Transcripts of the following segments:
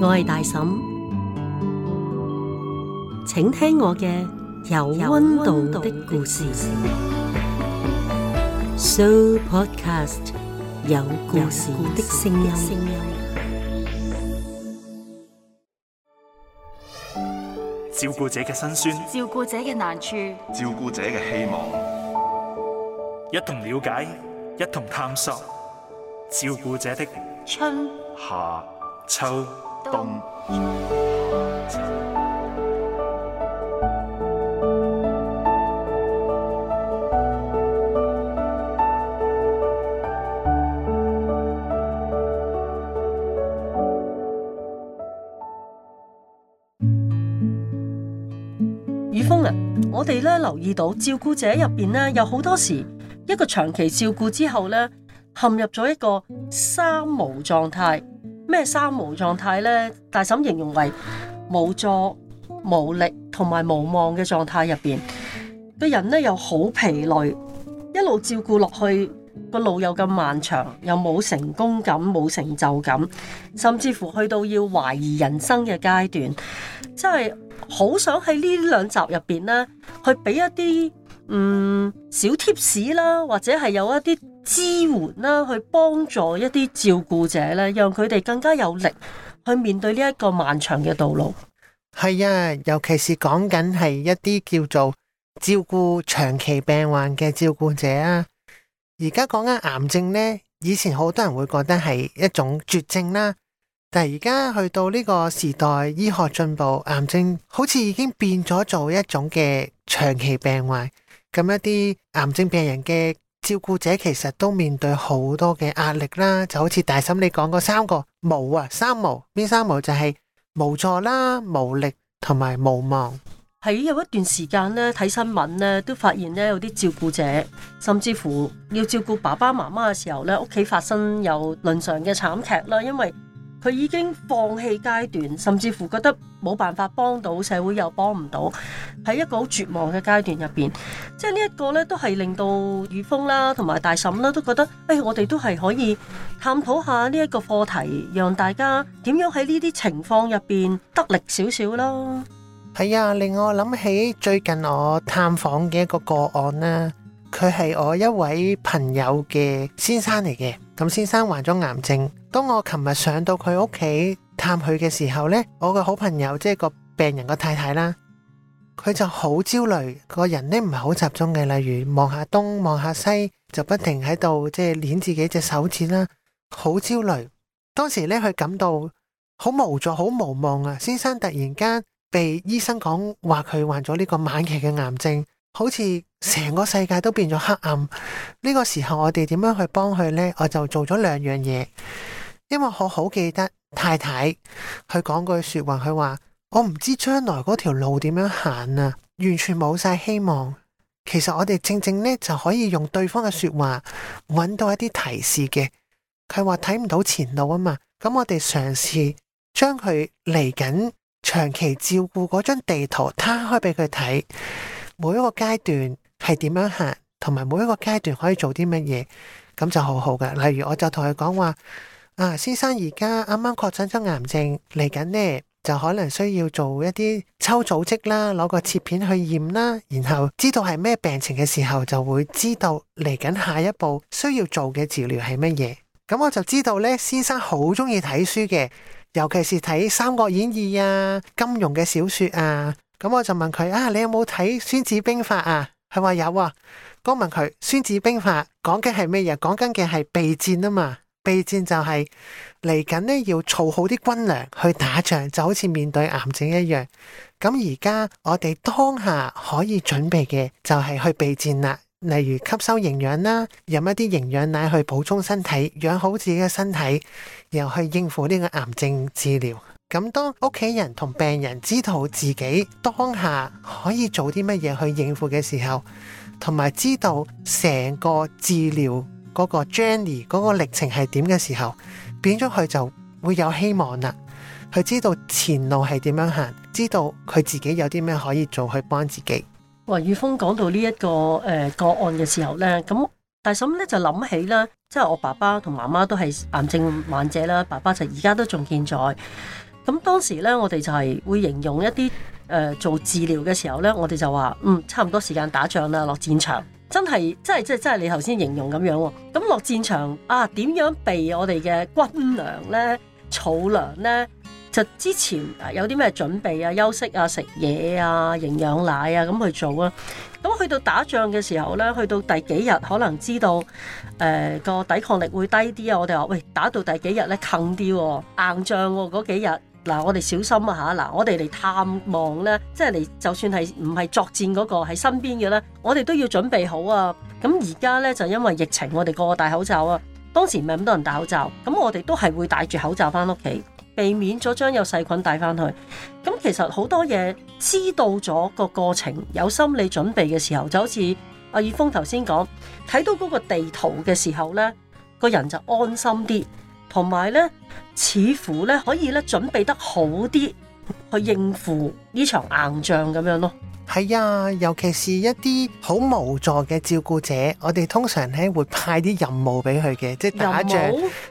我係大嬸，請聽我嘅有溫度的故事。Show Podcast 有故事的聲音。照顧者嘅辛酸，照顧者嘅難處，照顧者嘅希望，一同了解，一同探索，照顧者的春、夏、秋。雨峰啊，我哋咧留意到照顧者入邊呢，有好多時一個長期照顧之後呢，陷入咗一個三無狀態。即係三無狀態咧，大嬸形容為冇助、冇力同埋無望嘅狀態入邊個人咧，又好疲累，一路照顧落去，個路又咁漫長，又冇成功感、冇成就感，甚至乎去到要懷疑人生嘅階段，即係好想喺呢兩集入邊咧，去俾一啲。嗯，小貼士啦，或者係有一啲支援啦，去幫助一啲照顧者呢，讓佢哋更加有力去面對呢一個漫長嘅道路。係啊，尤其是講緊係一啲叫做照顧長期病患嘅照顧者啊。而家講緊癌症呢，以前好多人會覺得係一種絕症啦，但係而家去到呢個時代，醫學進步，癌症好似已經變咗做一種嘅長期病患。咁一啲癌症病人嘅照顧者，其實都面對好多嘅壓力啦，就好似大嬸你講嗰三個無啊，三無，邊三無就係無助啦、無力同埋無望。喺有一段時間咧，睇新聞咧，都發現咧有啲照顧者，甚至乎要照顧爸爸媽媽嘅時候咧，屋企發生有倫常嘅慘劇啦，因為，佢已經放棄階段，甚至乎覺得冇辦法幫到社會又幫，又幫唔到，喺一個好絕望嘅階段入邊。即係呢一個咧，都係令到雨峰啦，同埋大嬸啦，都覺得，誒、哎，我哋都係可以探討下呢一個課題，讓大家點樣喺呢啲情況入邊得力少少咯。係啊，令我諗起最近我探訪嘅一個個案啦，佢係我一位朋友嘅先生嚟嘅。咁先生患咗癌症，當我琴日上到佢屋企探佢嘅時候呢，我個好朋友即係個病人個太太啦，佢就好焦慮，個人呢唔係好集中嘅，例如望下東望下西，就不停喺度即係捻自己隻手指啦，好焦慮。當時呢，佢感到好無助、好無望啊！先生突然間被醫生講話佢患咗呢個晚期嘅癌症。好似成個世界都變咗黑暗，呢個時候我哋點樣去幫佢呢？我就做咗兩樣嘢，因為我好記得太太佢講句說話，佢話我唔知將來嗰條路點樣行啊，完全冇晒希望。其實我哋正正呢就可以用對方嘅說話，揾到一啲提示嘅。佢話睇唔到前路啊嘛，咁我哋嘗試將佢嚟緊長期照顧嗰張地圖攤開俾佢睇。每一個階段係點樣行，同埋每一個階段可以做啲乜嘢，咁就好好嘅。例如，我就同佢講話，啊，先生，而家啱啱確診咗癌症，嚟緊呢就可能需要做一啲抽組織啦，攞個切片去驗啦，然後知道係咩病情嘅時候，就會知道嚟緊下一步需要做嘅治療係乜嘢。咁、嗯、我就知道呢，先生好中意睇書嘅，尤其是睇《三國演義》啊、金庸嘅小說啊。咁我就問佢啊，你有冇睇《孫子兵法》啊？佢話有啊。我問佢《孫子兵法》講嘅係咩嘢？講緊嘅係備戰啊嘛。備戰就係嚟緊呢，要儲好啲軍糧去打仗，就好似面對癌症一樣。咁而家我哋當下可以準備嘅就係去備戰啦，例如吸收營養啦，飲一啲營養奶去補充身體，養好自己嘅身體，然後去應付呢個癌症治療。咁當屋企人同病人知道自己當下可以做啲乜嘢，去應付嘅時候，同埋知道成個治療嗰個 journey 嗰個歷程係點嘅時候，變咗佢就會有希望啦。佢知道前路係點樣行，知道佢自己有啲咩可以做去幫自己。華、呃、宇峰講到呢、這、一個誒、呃、個案嘅時候咧，咁大嬸咧就諗起啦，即係我爸爸同媽媽都係癌症患者啦，爸爸就而家都仲健在。咁當時咧，我哋就係會形容一啲誒、呃、做治療嘅時候咧，我哋就話嗯，差唔多時間打仗啦，落戰場，真係真係真係真係你頭先形容咁樣喎、哦。咁落戰場啊，點樣備我哋嘅軍糧咧、草糧咧？就之前有啲咩準備啊、休息啊、食嘢啊、營養奶啊咁去做啊。咁去到打仗嘅時候咧，去到第幾日可能知道誒、呃、個抵抗力會低啲啊，我哋話喂，打到第幾日咧，啃啲、哦、硬仗喎、哦，嗰幾日、啊。嗱，我哋小心啊！吓，嗱，我哋嚟探望咧，即係你就算係唔係作戰嗰個喺身邊嘅咧，我哋都要準備好啊！咁而家咧就因為疫情，我哋個個戴口罩啊。當時唔係咁多人戴口罩，咁我哋都係會戴住口罩翻屋企，避免咗將有細菌帶翻去。咁、啊、其實好多嘢知道咗個過程，有心理準備嘅時候，就好似阿意峰頭先講，睇到嗰個地圖嘅時候咧，個人就安心啲。同埋呢，似乎呢可以呢準備得好啲去應付呢場硬仗咁樣咯。係啊，尤其是一啲好無助嘅照顧者，我哋通常呢會派啲任務俾佢嘅，即係打仗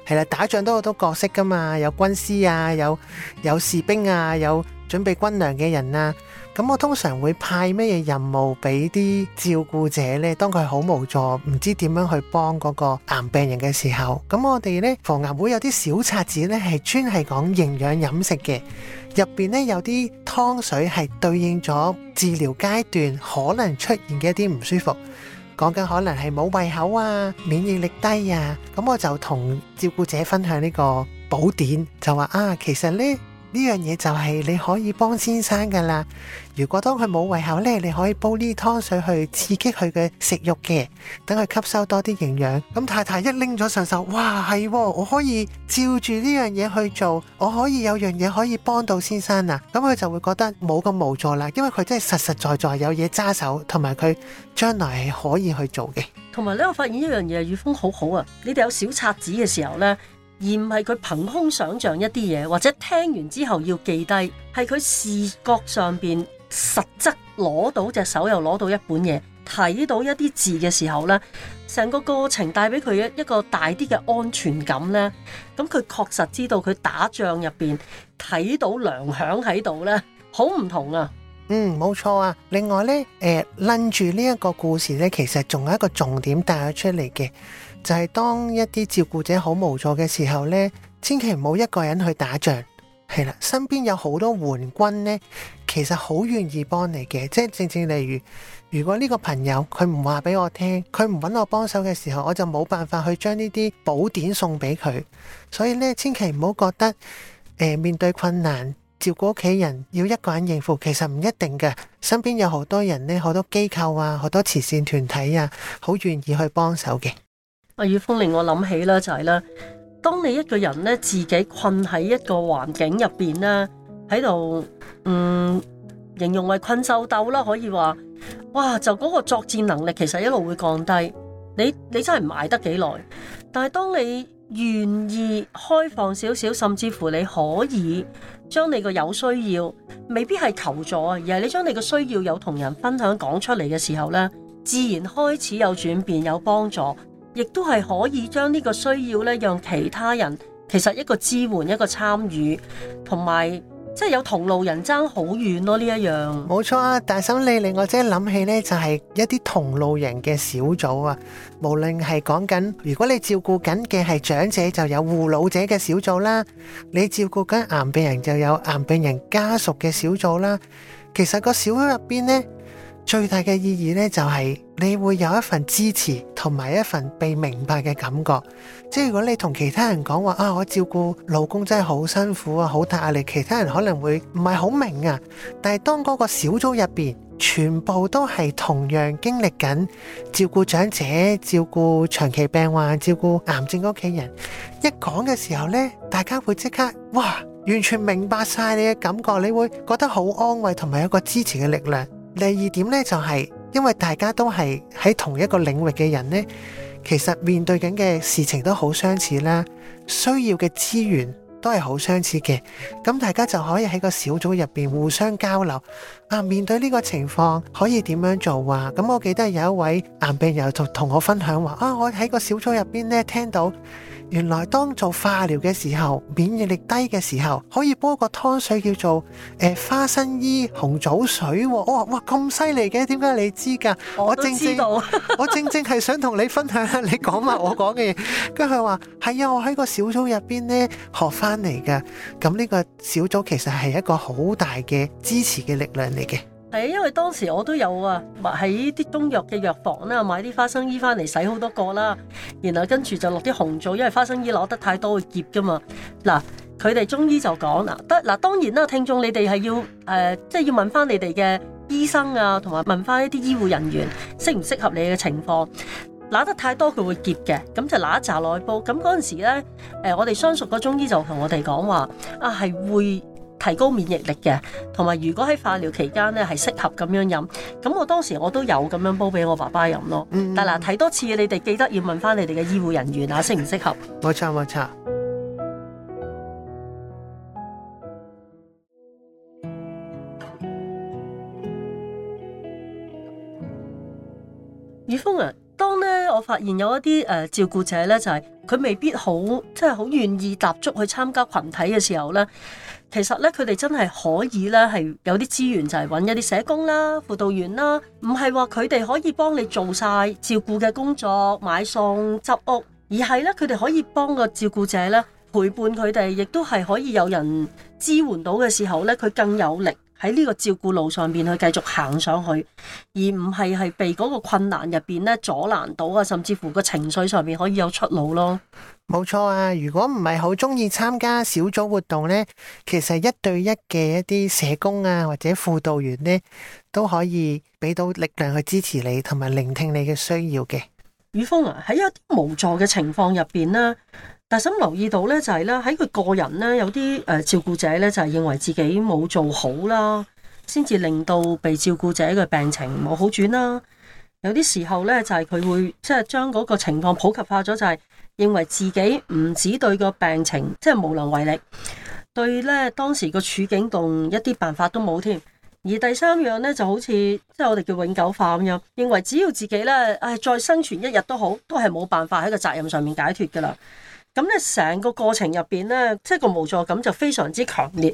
係啦任務，啊，打仗都好多角色噶嘛，有軍師啊，有有士兵啊，有準備軍糧嘅人啊。咁我通常會派咩嘢任務俾啲照顧者呢？當佢好無助，唔知點樣去幫嗰個癌病人嘅時候，咁我哋呢防癌會有啲小冊子呢係專係講營養飲食嘅。入邊呢有啲湯水係對應咗治療階段可能出現嘅一啲唔舒服，講緊可能係冇胃口啊，免疫力低啊。咁我就同照顧者分享呢個寶典，就話啊，其實呢，呢樣嘢就係你可以幫先生噶啦。如果當佢冇胃口呢，你可以煲啲湯水去刺激佢嘅食慾嘅，等佢吸收多啲營養。咁太太一拎咗上手，哇係喎，我可以照住呢樣嘢去做，我可以有樣嘢可以幫到先生啊。咁佢就會覺得冇咁無助啦，因為佢真係實實在在，在有嘢揸手，同埋佢將來係可以去做嘅。同埋呢，我發現一樣嘢，宇峰好好啊，你哋有小冊子嘅時候呢。而唔係佢憑空想象一啲嘢，或者聽完之後要記低，係佢視覺上邊實質攞到隻手又攞到一本嘢，睇到一啲字嘅時候呢，成個過程帶俾佢一個大啲嘅安全感呢。咁佢確實知道佢打仗入邊睇到糧餉喺度呢，好唔同啊。嗯，冇錯啊。另外呢，誒、呃，拎住呢一個故事呢，其實仲有一個重點帶咗出嚟嘅。就係當一啲照顧者好無助嘅時候呢，千祈唔好一個人去打仗。係啦，身邊有好多援軍呢，其實好願意幫你嘅。即係正正例如，如果呢個朋友佢唔話俾我聽，佢唔揾我幫手嘅時候，我就冇辦法去將呢啲寶典送俾佢。所以呢，千祈唔好覺得、呃、面對困難照顧屋企人要一個人應付，其實唔一定嘅。身邊有好多人呢，好多機構啊，好多慈善團體啊，好願意去幫手嘅。阿宇峰令我諗起啦，就係咧，當你一個人咧自己困喺一個環境入邊咧，喺度，嗯，形容為困獸鬥啦，可以話哇，就嗰個作戰能力其實一路會降低，你你真係唔挨得幾耐。但係當你願意開放少少，甚至乎你可以將你個有需要，未必係求助啊，而係你將你個需要有同人分享講出嚟嘅時候咧，自然開始有轉變，有幫助。亦都係可以將呢個需要咧，讓其他人其實一個支援、一個參與，同埋即係有同路人爭好遠咯、啊。呢一樣，冇錯啊！大嬸，你令我即係諗起呢，就係、是、一啲同路人嘅小組啊。無論係講緊，如果你照顧緊嘅係長者，就有護老者嘅小組啦、啊；你照顧緊癌病人，就有癌病人家屬嘅小組啦、啊。其實個小組入邊呢。最大嘅意義呢，就係你會有一份支持同埋一份被明白嘅感覺。即係如果你同其他人講話啊，我照顧老公真係好辛苦啊，好大壓力。其他人可能會唔係好明啊，但係當嗰個小組入邊全部都係同樣經歷緊照顧長者、照顧長期病患、照顧癌症嘅屋企人，一講嘅時候呢，大家會即刻哇，完全明白晒你嘅感覺，你會覺得好安慰同埋有一個支持嘅力量。第二點呢，就係，因為大家都係喺同一個領域嘅人呢，其實面對緊嘅事情都好相似啦，需要嘅資源都係好相似嘅，咁大家就可以喺個小組入邊互相交流啊，面對呢個情況可以點樣做啊？咁我記得有一位癌病友同同我分享話啊，我喺個小組入邊呢，聽到。原來當做化療嘅時候，免疫力低嘅時候，可以煲個湯水叫做誒、呃、花生衣紅棗水、哦。我、哦、哇咁犀利嘅，點解你知噶？我、知道我正正我, 我正正係想同你分享下，你講埋我講嘅嘢。跟佢話係啊，我喺個小組入邊咧學翻嚟噶。咁呢個小組其實係一個好大嘅支持嘅力量嚟嘅。係啊，因為當時我都有啊，喺啲中藥嘅藥房啦，買啲花生衣翻嚟洗好多個啦，然後跟住就落啲紅棗，因為花生衣攞得太多會澀噶嘛。嗱，佢哋中醫就講嗱，得嗱，當然啦，聽眾你哋係要誒、呃，即係要問翻你哋嘅醫生啊，同埋問翻一啲醫護人員適唔適合你嘅情況。攞得太多佢會澀嘅，咁就攞一紮落去煲。咁嗰陣時咧，誒、呃，我哋相熟個中醫就同我哋講話啊，係會。提高免疫力嘅，同埋如果喺化療期間咧，係適合咁樣飲。咁我當時我都有咁樣煲俾我爸爸飲咯。嗯、但嗱，睇多次你哋記得要問翻你哋嘅醫護人員啊，適唔適合？冇錯，冇錯。突然有一啲誒、呃、照顧者咧，就係、是、佢未必好，即係好願意踏足去參加群體嘅時候咧，其實咧佢哋真係可以咧係有啲資源，就係揾一啲社工啦、輔導員啦，唔係話佢哋可以幫你做晒照顧嘅工作、買餸、執屋，而係咧佢哋可以幫個照顧者咧陪伴佢哋，亦都係可以有人支援到嘅時候咧，佢更有力。喺呢個照顧路上邊去繼續行上去，而唔係係被嗰個困難入邊咧阻難到啊，甚至乎個情緒上面可以有出路咯。冇錯啊！如果唔係好鍾意參加小組活動呢，其實一對一嘅一啲社工啊或者輔導員呢，都可以俾到力量去支持你同埋聆聽你嘅需要嘅。宇峰啊，喺一啲無助嘅情況入邊呢。但係留意到咧，就係咧喺佢個人咧，有啲誒照顧者咧，就係認為自己冇做好啦，先至令到被照顧者嘅病情冇好轉啦。有啲時候咧，就係佢會即係將嗰個情況普及化咗，就係認為自己唔止對個病情即係無能為力，對咧當時個處境同一啲辦法都冇添。而第三樣咧，就好似即係我哋叫永久化咁樣，認為只要自己咧，唉再生存一日都好，都係冇辦法喺個責任上面解脫噶啦。咁咧，成個過程入邊咧，即係個無助感就非常之強烈，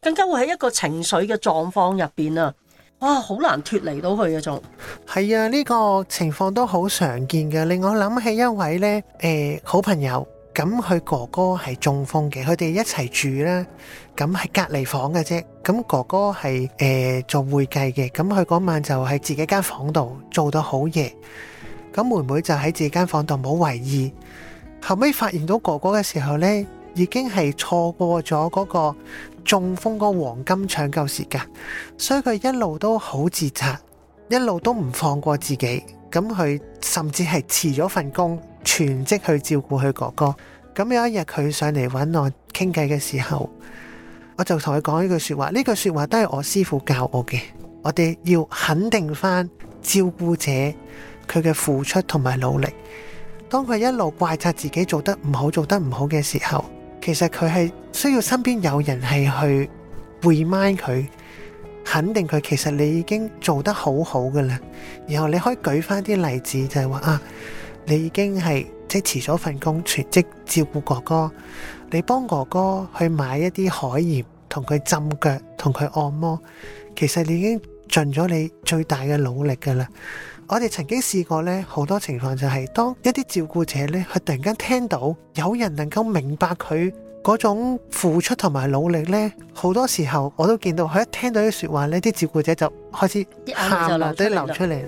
更加會喺一個情緒嘅狀況入邊啊！哇，好難脱離到佢嘅。仲係啊，呢個情況都好常見嘅，令我諗起一位咧，誒好朋友。咁佢哥哥係中風嘅，佢哋一齊住啦，咁係隔離房嘅啫。咁哥哥係誒做會計嘅，咁佢嗰晚就喺自己間房度做到好夜，咁妹妹就喺自己間房度冇為意。後尾發現到哥哥嘅時候呢，已經係錯過咗嗰個中風個黃金搶救時間，所以佢一路都好自責，一路都唔放過自己，咁佢甚至係辭咗份工，全職去照顧佢哥哥。咁有一日佢上嚟揾我傾偈嘅時候，我就同佢講一句說話，呢句說話都係我師傅教我嘅，我哋要肯定翻照顧者佢嘅付出同埋努力。當佢一路怪責自己做得唔好、做得唔好嘅時候，其實佢係需要身邊有人係去 remind 佢、肯定佢。其實你已經做得好好嘅啦。然後你可以舉翻啲例子，就係、是、話啊，你已經係即係辭咗份工全職照顧哥哥，你幫哥哥去買一啲海鹽同佢浸腳、同佢按摩，其實你已經盡咗你最大嘅努力嘅啦。 我哋曾經試過咧，好多情況就係當一啲照顧者咧，佢突然間聽到有人能夠明白佢嗰種付出同埋努力呢，好多時候我都見到佢一聽到啲説話呢，啲照顧者就開始一眼淚都流出嚟。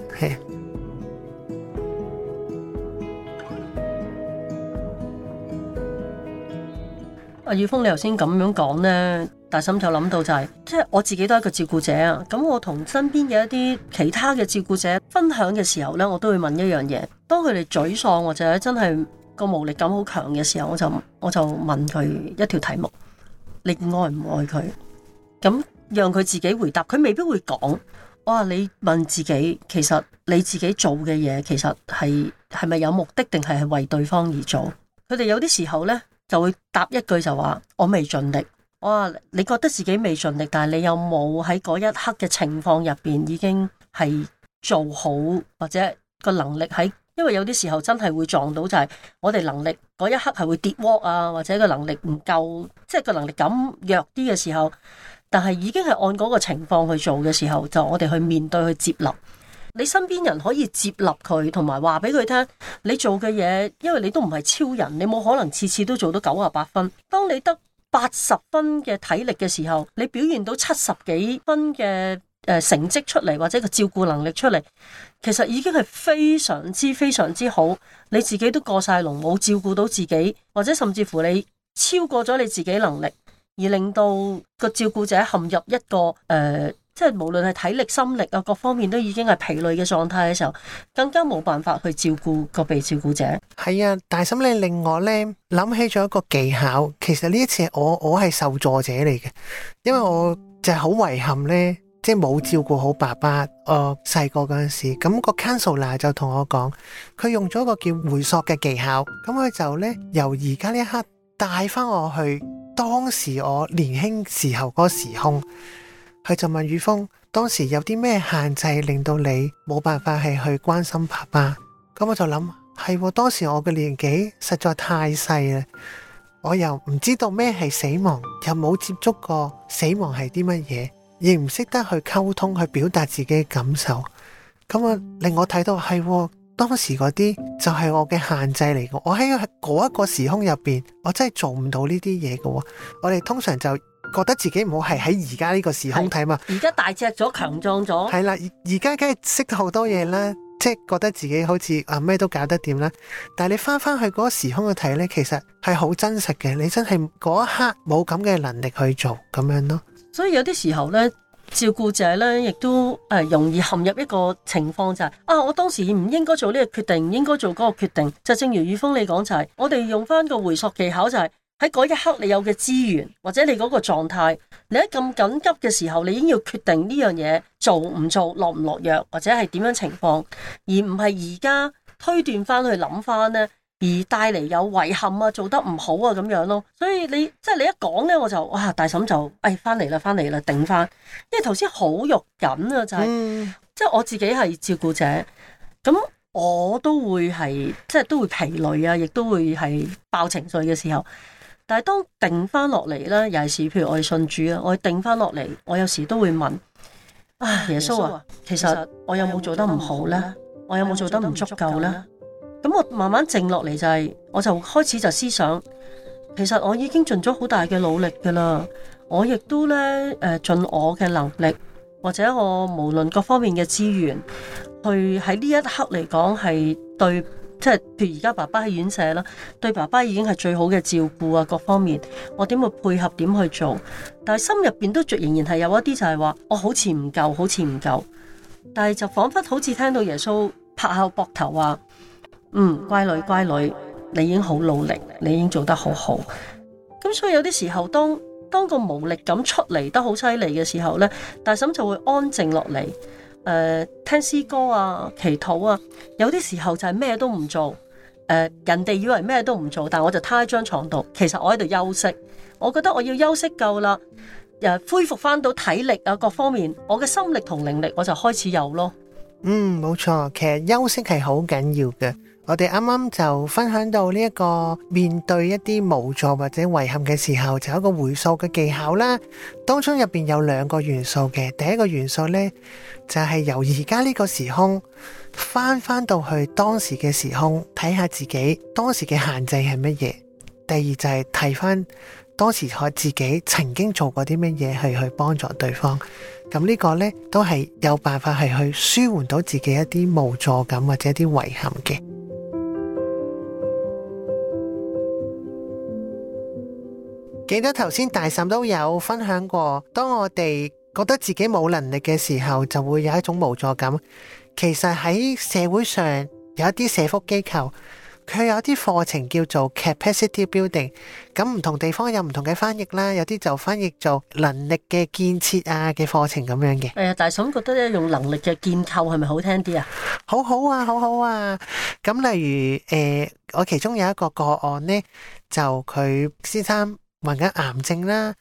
阿宇、 啊、峰，你頭先咁樣講呢？大心就諗到就係、是，即係我自己都係一個照顧者啊。咁我同身邊嘅一啲其他嘅照顧者分享嘅時候呢，我都會問一樣嘢。當佢哋沮喪或者真係個無力感好強嘅時候，我就我就問佢一條題目：你愛唔愛佢？咁讓佢自己回答。佢未必會講。我話，你問自己，其實你自己做嘅嘢，其實係係咪有目的，定係為對方而做？佢哋有啲時候呢，就會答一句就話：我未盡力。哇！你覺得自己未盡力，但係你有冇喺嗰一刻嘅情況入邊已經係做好，或者個能力喺？因為有啲時候真係會撞到，就係我哋能力嗰一刻係會跌窩啊，或者個能力唔夠，即係個能力噉弱啲嘅時候，但係已經係按嗰個情況去做嘅時候，就我哋去面對去接納。你身邊人可以接納佢，同埋話俾佢聽，你做嘅嘢，因為你都唔係超人，你冇可能次次都做到九十八分。當你得八十分嘅體力嘅時候，你表現到七十幾分嘅誒成績出嚟，或者個照顧能力出嚟，其實已經係非常之非常之好。你自己都過晒龍，冇照顧到自己，或者甚至乎你超過咗你自己能力，而令到個照顧者陷入一個誒。呃即係無論係體力、心力啊，各方面都已經係疲累嘅狀態嘅時候，更加冇辦法去照顧個被照顧者。係啊，但係咁你令我咧，諗起咗一個技巧。其實呢一次我我係受助者嚟嘅，因為我就係好遺憾咧，即係冇照顧好爸爸。我細個嗰陣時，咁個 counselor 就同我講，佢用咗個叫回溯嘅技巧。咁佢就咧由而家呢一刻帶翻，我去當時我年輕時候個時空。佢就問宇峰，當時有啲咩限制令到你冇辦法係去關心爸爸？咁我就諗，係、哦、當時我嘅年紀實在太細啦，我又唔知道咩係死亡，又冇接觸過死亡係啲乜嘢，亦唔識得去溝通去表達自己嘅感受。咁啊，令我睇到係、哦、當時嗰啲就係我嘅限制嚟嘅。我喺嗰一個時空入邊，我真係做唔到呢啲嘢嘅。我哋通常就。覺得自己唔好係，喺而家呢個時空睇嘛，而家大隻咗，強壯咗，係啦，而家梗係識好多嘢啦，即係覺得自己好似啊咩都搞得掂啦。但係你翻翻去嗰個時空去睇呢，其實係好真實嘅，你真係嗰一刻冇咁嘅能力去做咁樣咯。所以有啲時候呢，照顧者呢亦都誒容易陷入一個情況就係、是、啊，我當時唔應該做呢個決定，唔應該做嗰個決定。就正如宇峰你講就係，我哋用翻個回溯技巧就係、是。喺嗰一刻，你有嘅資源，或者你嗰個狀態，你喺咁緊急嘅時候，你已經要決定呢樣嘢做唔做，落唔落藥，或者係點樣情況，而唔係而家推斷翻去諗翻咧，而帶嚟有遺憾啊，做得唔好啊咁樣咯。所以你即係、就是、你一講咧，我就哇，大嬸就誒翻嚟啦，翻嚟啦，頂翻，因爲頭先好肉緊啊，就係即係我自己係照顧者，咁我都會係即係都會疲累啊，亦都會係爆情緒嘅時候。但係當定翻落嚟咧，尤其是譬如我哋信主啊，我定翻落嚟，我有時都會問：啊，耶穌啊，其實我有冇做得唔好咧？我有冇做得唔足夠咧？咁我慢慢靜落嚟就係、是，我就開始就思想，其實我已經盡咗好大嘅努力噶啦，我亦都咧誒盡我嘅能力或者我無論各方面嘅資源，去喺呢一刻嚟講係對。即係，譬如而家爸爸喺院舍啦，對爸爸已經係最好嘅照顧啊，各方面，我點會配合點去做？但係心入邊都仍然係有一啲就係話，我好似唔夠，好似唔夠。但係就仿佛好似聽到耶穌拍下膊頭話：，嗯，乖女，乖女，你已經好努力，你已經做得好好。咁所以有啲時候，當當個無力感出嚟得好犀利嘅時候呢，大嬸就會安靜落嚟。誒、呃，聽詩歌啊，祈禱啊，有啲時候就係咩都唔做。誒、呃，人哋以為咩都唔做，但我就癱喺張床度。其實我喺度休息，我覺得我要休息夠啦，又、呃、恢復翻到體力啊，各方面，我嘅心力同靈力，我就開始有咯。嗯，冇錯，其實休息係好緊要嘅。我哋啱啱就分享到呢一個面對一啲無助或者遺憾嘅時候，就有一個回溯嘅技巧啦。當中入邊有兩個元素嘅，第一個元素呢，就係由而家呢個時空翻翻到去當時嘅時空，睇下自己當時嘅限制係乜嘢。第二就係睇翻當時我自己曾經做過啲乜嘢係去幫助對方。咁呢個呢，都係有辦法係去舒緩到自己一啲無助感或者一啲遺憾嘅。記得頭先大嬸都有分享過，當我哋覺得自己冇能力嘅時候，就會有一種無助感。其實喺社會上有一啲社福機構，佢有啲課程叫做 capacity building。咁唔同地方有唔同嘅翻譯啦，有啲就翻譯做能力嘅建設啊嘅課程咁樣嘅、哎。大嬸覺得用能力嘅建構係咪好聽啲啊？好好啊，好好啊。咁例如誒、呃，我其中有一個個案呢，就佢先生。患緊癌症啦，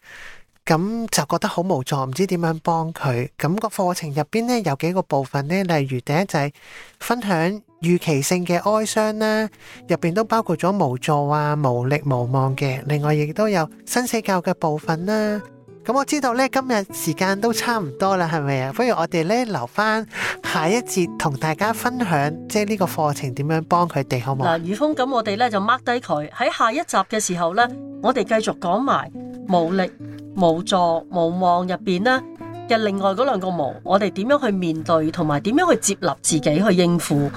咁就覺得好無助，唔知點樣幫佢。咁、那個課程入邊呢，有幾個部分呢，例如第一就係分享預期性嘅哀傷啦，入邊都包括咗無助啊、無力、無望嘅。另外，亦都有生死教嘅部分啦。咁、嗯、我知道咧，今日時間都差唔多啦，係咪啊？不如我哋咧留翻下一節同大家分享，即係、呃、呢個課程點樣幫佢哋好唔好嗱？宇峰，咁我哋咧就 mark 低佢，喺下一集嘅時候咧，我哋繼續講埋無力、無助、無望入邊咧嘅另外嗰兩個無，我哋點樣去面對，同埋點樣去接納自己，去應付誒呢、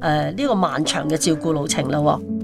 呃這個漫長嘅照顧路程啦，喎。